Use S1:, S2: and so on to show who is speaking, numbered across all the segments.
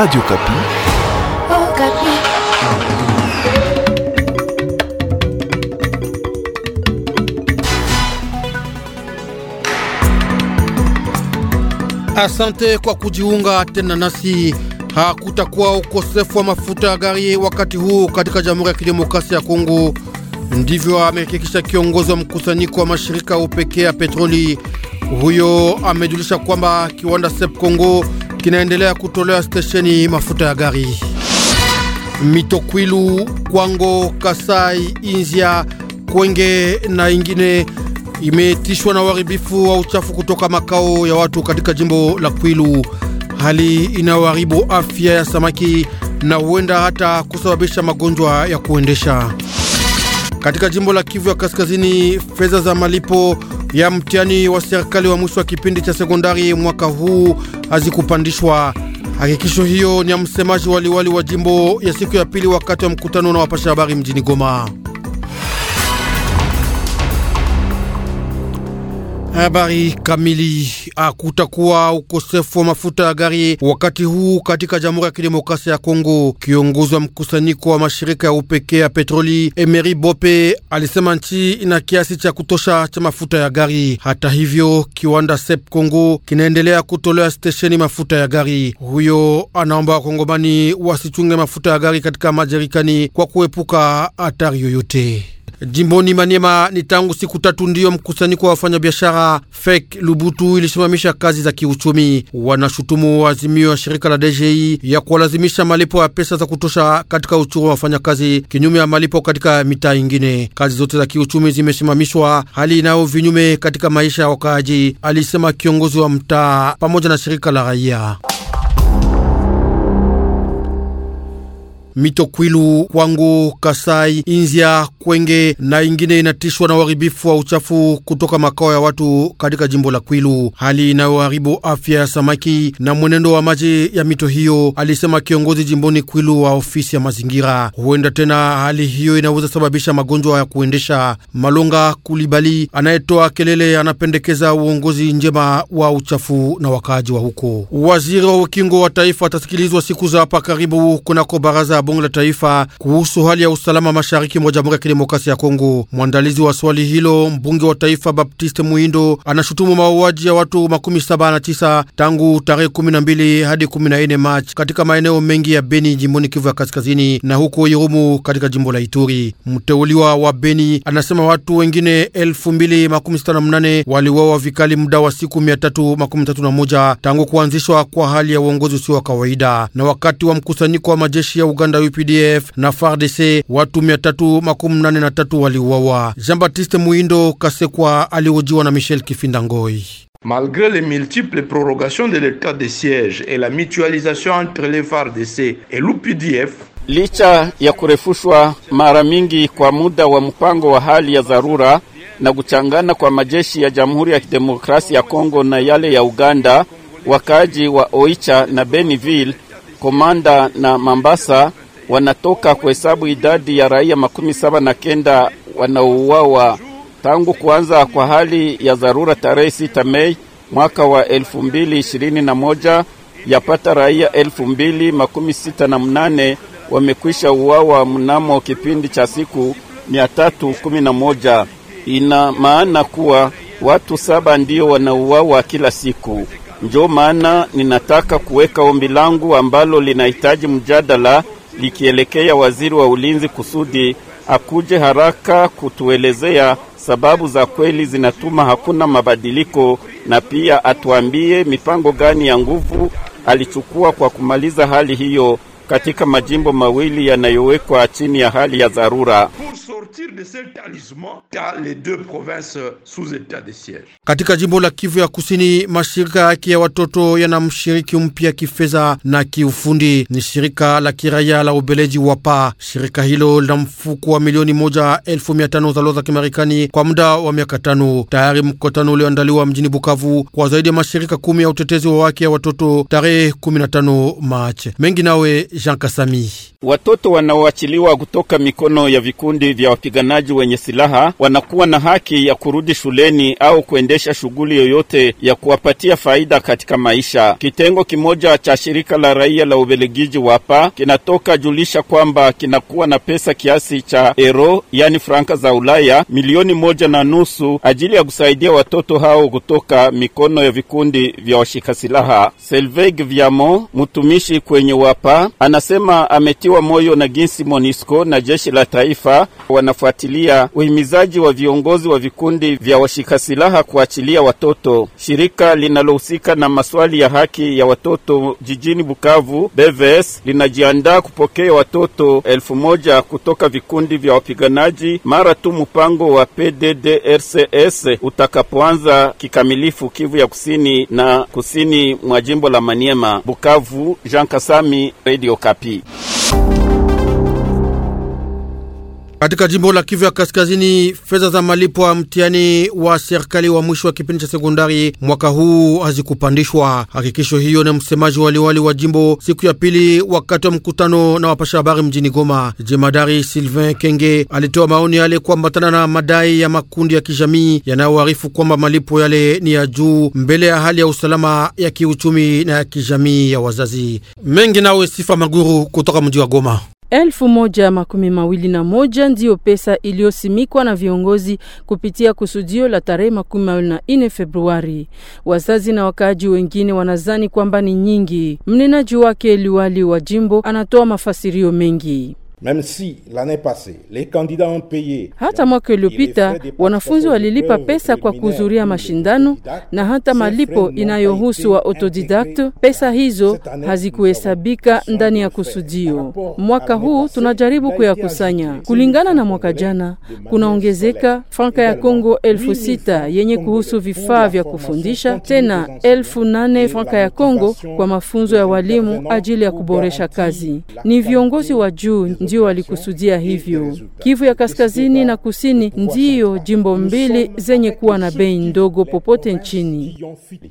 S1: Radio Kapi.
S2: Oh, Kapi.
S3: Asante kwa kujiunga tena nasi. Hakutakuwa ukosefu wa mafuta ya gari wakati huu katika Jamhuri ya Kidemokrasia ya Kongo. Ndivyo amehakikisha kiongozi wa mkusanyiko wa mashirika upekee ya petroli. Huyo amejulisha kwamba kiwanda Sep Kongo kinaendelea kutolewa stesheni mafuta ya gari mito kwilu Kwango, Kasai, Inzia, Kwenge na ingine imetishwa na uharibifu wa uchafu kutoka makao ya watu katika jimbo la Kwilu, hali inayoharibu afya ya samaki na huenda hata kusababisha magonjwa ya kuendesha. Katika jimbo la Kivu ya Kaskazini, fedha za malipo ya mtihani wa serikali wa mwisho wa kipindi cha sekondari mwaka huu hazikupandishwa. Hakikisho hiyo ni ya msemaji waliwali wa jimbo ya siku ya pili wakati wa mkutano na wapasha habari mjini Goma. Habari kamili. Hakutakuwa ah, ukosefu wa mafuta ya gari wakati huu katika Jamhuri ya Kidemokrasia ya Kongo. Kiongozi wa mkusanyiko wa mashirika ya upekee ya petroli Emery Bope alisema nchi ina kiasi cha kutosha cha mafuta ya gari. Hata hivyo, kiwanda SEP Kongo kinaendelea kutolea stesheni mafuta ya gari. Huyo anaomba wakongomani wasichunge mafuta ya gari katika majerikani kwa kuepuka hatari yoyote. Jimboni Maniema ni tangu siku tatu ndiyo mkusanyiko wa wafanyabiashara fek Lubutu ilisimamisha kazi za kiuchumi. Wanashutumu azimio ya shirika la DGI ya kuwalazimisha malipo ya pesa za kutosha katika uchuru wa wafanyakazi kinyume ya malipo katika mitaa ingine. Kazi zote za kiuchumi zimesimamishwa, hali inayo vinyume katika maisha ya wakaaji, alisema kiongozi wa mtaa pamoja na shirika la raia. Mitokwilu, Kwangu, Kasai, Inzia, Kwenge na ingine inatishwa na uharibifu wa uchafu kutoka makao ya watu katika jimbo la Kwilu, hali inayoharibu afya ya samaki na mwenendo wa maji ya mito hiyo, alisema kiongozi jimboni Kwilu wa ofisi ya mazingira. Huenda tena hali hiyo inaweza sababisha magonjwa ya kuendesha. Malonga Kulibali anayetoa kelele anapendekeza uongozi njema wa uchafu na wakaaji wa huko. Waziri wa ukingo wa taifa atasikilizwa siku za hapa karibu kunako baraza bunge la taifa kuhusu hali ya usalama mashariki mwa Jamhuri ya Kidemokrasia ya Kongo. Mwandalizi wa swali hilo mbunge wa taifa Baptiste Muindo anashutumu mauaji ya watu makumi saba na tisa tangu tarehe 12 hadi nne Machi katika maeneo mengi ya Beni jimboni Kivu ya Kaskazini na huko Irumu katika jimbo la Ituri. Mteuliwa wa Beni anasema watu wengine mnane waliwawa vikali muda wa siku 331 tangu kuanzishwa kwa hali ya uongozi usio wa kawaida na wakati wa mkusanyiko wa majeshi ya Uganda Uganda UPDF na FARDC watu 383 waliuawa. Jean Baptiste Muindo Kasekwa alihojiwa na Michel Kifindangoi.
S2: Malgré les multiples prorogations de l'état de siège et la mutualisation entre les FARDC et l'UPDF, licha ya kurefushwa mara mingi kwa muda wa mpango wa hali ya dharura na kuchangana kwa majeshi ya Jamhuri ya Kidemokrasia ya Kongo na yale ya Uganda, wakaaji wa Oicha na Beniville Komanda na Mambasa wanatoka kuhesabu idadi ya raia makumi saba na kenda wanaouawa tangu kuanza kwa hali ya dharura tarehe sita Mei mwaka wa elfu mbili ishirini na moja yapata raia elfu mbili makumi sita na mnane wamekwisha uawa mnamo kipindi cha siku mia tatu kumi na moja. Ina maana kuwa watu saba ndio wanauawa kila siku. Ndio maana ninataka kuweka ombi langu ambalo linahitaji mjadala likielekea waziri wa ulinzi kusudi akuje haraka kutuelezea sababu za kweli zinatuma hakuna mabadiliko, na pia atuambie mipango gani ya nguvu alichukua kwa kumaliza hali hiyo katika majimbo mawili yanayowekwa chini ya hali ya dharura.
S3: Katika jimbo la Kivu ya Kusini, mashirika yake ya watoto yana mshiriki mpya kifedha na kiufundi, ni shirika la kiraia la Ubeleji wapa. Shirika hilo lina mfuko wa milioni moja elfu mia tano za dola za Kimarekani kwa muda wa miaka tano. Tayari mkutano ulioandaliwa mjini Bukavu kwa zaidi ya mashirika kumi ya utetezi wa wake ya watoto tarehe 15 Machi mengi nawe Jean Kasami.
S2: Watoto wanaoachiliwa kutoka mikono ya vikundi vya wapiganaji wenye silaha wanakuwa na haki ya kurudi shuleni au kuendesha shughuli yoyote ya kuwapatia faida katika maisha. Kitengo kimoja cha shirika la raia la Ubelgiji WAPA kinatoka julisha kwamba kinakuwa na pesa kiasi cha ero, yani franka za Ulaya milioni moja na nusu ajili ya kusaidia watoto hao kutoka mikono ya vikundi vya washika silaha. Selveg Vyamo, mtumishi kwenye WAPA, anasema ametiwa moyo na jinsi MONUSCO na jeshi la taifa wanafuatilia uhimizaji wa viongozi wa vikundi vya washika silaha kuachilia watoto. Shirika linalohusika na maswali ya haki ya watoto jijini Bukavu, BVS, linajiandaa kupokea watoto elfu moja kutoka vikundi vya wapiganaji mara tu mpango wa PDDRCS utakapoanza kikamilifu Kivu ya kusini na kusini mwa jimbo la Maniema. Bukavu, Jean Kasami, Radio Okapi.
S3: Katika jimbo la Kivu ya Kaskazini, fedha za malipo ya mtihani wa serikali wa mwisho wa kipindi cha sekondari mwaka huu hazikupandishwa. Hakikisho hiyo ni msemaji wa liwali wa jimbo siku ya pili, wakati wa mkutano na wapasha habari mjini Goma. Jemadari Sylvain Kenge alitoa maoni yale kuambatana na madai ya makundi ya kijamii yanayoarifu kwamba malipo yale ni ya juu mbele ya hali ya usalama ya kiuchumi na ya kijamii ya wazazi mengi. Nawe Sifa Maguru kutoka mji wa Goma.
S4: Elfu moja makumi mawili na moja ndiyo pesa iliyosimikwa na viongozi kupitia kusudio la tarehe makumi mawili na nne Februari. Wazazi na wakaaji wengine wanazani kwamba ni nyingi. Mnenaji wake liwali wa jimbo anatoa mafasirio mengi. Même si, l'année
S1: passée, les candidats ont payé.
S4: Hata mwaka uliopita wanafunzi walilipa pesa kwa kuhudhuria mashindano na hata malipo inayohusu wa autodidakt, pesa hizo hazikuhesabika ndani ya kusudio. Mwaka huu tunajaribu kuyakusanya. Kulingana na mwaka jana, kunaongezeka franka ya Kongo elfu sita yenye kuhusu vifaa vya kufundisha, tena elfu nane franka ya Kongo kwa mafunzo ya walimu ajili ya kuboresha kazi. Ni viongozi wa juu ndio walikusudia hivyo. Kivu ya kaskazini na kusini ndiyo jimbo mbili zenye kuwa na bei ndogo popote nchini.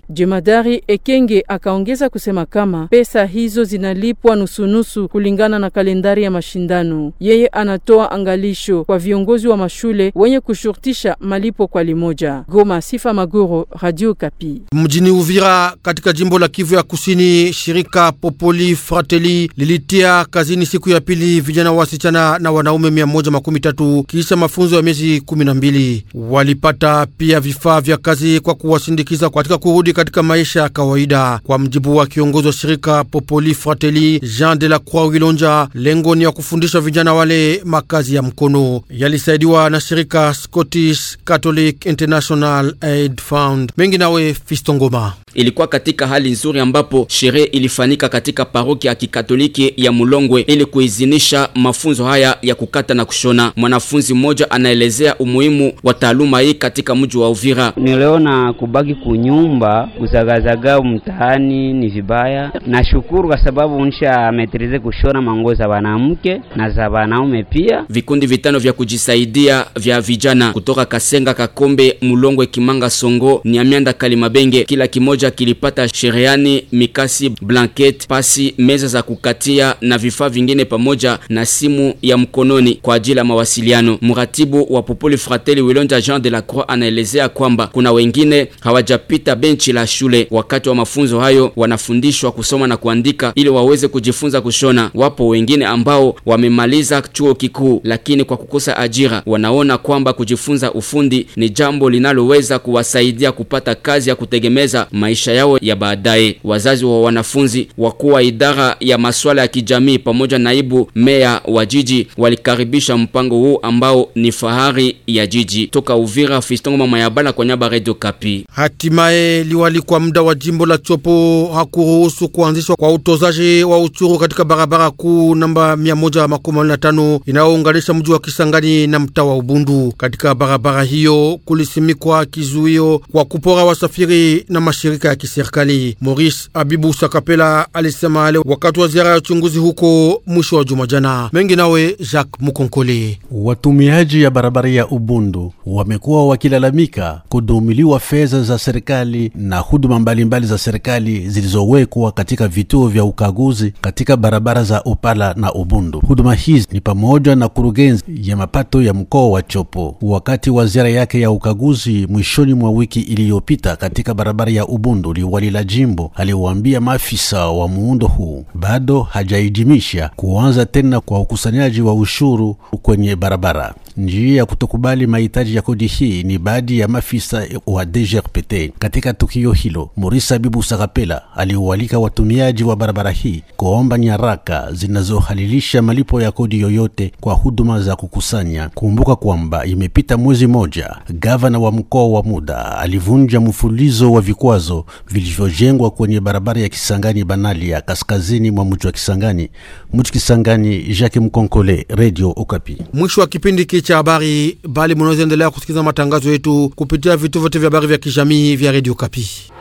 S4: Jemadari Ekenge akaongeza kusema kama pesa hizo zinalipwa nusunusu kulingana na kalendari ya mashindano. Yeye anatoa angalisho kwa viongozi wa mashule wenye kushurutisha malipo kwa limoja. Goma, Sifa Maguro, Radio Kapi.
S3: Mjini Uvira katika jimbo la Kivu ya kusini, shirika Popoli Fratelli lilitia kazini siku ya pili vijana na wasichana na wanaume 113 kisha mafunzo ya miezi 12. Walipata pia vifaa vya kazi kwa kuwasindikiza katika kurudi katika maisha ya kawaida. Kwa mjibu wa kiongozi wa shirika Popoli Fratelli Jean de la Croix Wilonja, lengo ni ya kufundisha vijana wale makazi ya mkono. Yalisaidiwa na shirika Scottish Catholic International Aid Fund. Mengi nawe fistongoma
S5: ilikuwa katika hali nzuri, ambapo sherehe ilifanyika katika parokia ya Kikatoliki ya Mulongwe ili kuizinisha mafunzo haya ya kukata na kushona. Mwanafunzi mmoja anaelezea umuhimu wa taaluma hii katika mji wa Uvira. Niliona kubaki kunyumba kuzagazaga mtaani ni vibaya. Nashukuru kwa sababu nisha ametrize kushona manguo za wanamke na za wanaume pia. Vikundi vitano vya kujisaidia vya vijana kutoka Kasenga, Kakombe, Mulongwe, Kimanga, Songo, Nyamianda, Kalimabenge kila kimoja kimoja kilipata sheriani mikasi, blanket, pasi, meza za kukatia na vifaa vingine pamoja na simu ya mkononi kwa ajili ya mawasiliano. Mratibu wa Popoli frateli Wilonja Jean de la Croix anaelezea kwamba kuna wengine hawajapita benchi la shule. Wakati wa mafunzo hayo wanafundishwa kusoma na kuandika ili waweze kujifunza kushona. Wapo wengine ambao wamemaliza chuo kikuu, lakini kwa kukosa ajira wanaona kwamba kujifunza ufundi ni jambo linaloweza kuwasaidia kupata kazi ya kutegemeza maisha maisha yao ya baadaye. Wazazi wa wanafunzi, wakuu wa idara ya masuala ya kijamii, pamoja naibu meya wa jiji walikaribisha mpango huu ambao ni fahari ya jiji. Toka Uvira, Fistongo mama ya bala kwa nyaba, Radio Kapi.
S3: Hatimaye liwali kwa muda wa jimbo la Chopo hakuruhusu kuanzishwa kwa utozaji wa uchuru katika barabara kuu namba 115 inayounganisha mji wa Kisangani na mtaa wa Ubundu. Katika barabara hiyo kulisimikwa kizuio kwa kupora wasafiri na mashirika mashirika ya kiserikali. Maurice Abibu Sakapela alisema leo wakati wa ziara ya uchunguzi huko mwisho wa juma jana.
S1: Mengi nawe Jacques Mukonkole. Watumiaji ya barabara ya Ubundu wamekuwa wakilalamika kudumiliwa fedha za serikali na huduma mbalimbali mbali za serikali zilizowekwa katika vituo vya ukaguzi katika barabara za Upala na Ubundu. Huduma hizi ni pamoja na kurugenzi ya mapato ya mkoa wa Chopo wakati wa ziara yake ya ukaguzi mwishoni mwa wiki iliyopita katika barabara ya Ubundu Kabundu, liwali la jimbo, aliwaambia maafisa wa muundo huu bado hajaidimisha kuanza tena kwa ukusanyaji wa ushuru kwenye barabara njia ya kutokubali mahitaji ya kodi hii ni baadhi ya maafisa wa DGRPT. Katika tukio hilo, Morisa Bibu sakapela aliwalika watumiaji wa barabara hii kuomba nyaraka zinazohalilisha malipo ya kodi yoyote kwa huduma za kukusanya. Kumbuka kwamba imepita mwezi moja, gavana wa mkoa wa muda alivunja mfulizo wa vikwazo vilivyojengwa kwenye barabara ya Kisangani banali ya kaskazini mwa mji wa Kisangani. Mji Kisangani, Jacques Mkonkole, Radio Okapi.
S3: Mwisho wa kipindi kicha cha habari, bali munaweza endelea kusikiliza matangazo yetu kupitia vituo vyote vya habari vya kijamii vya Radio Kapi.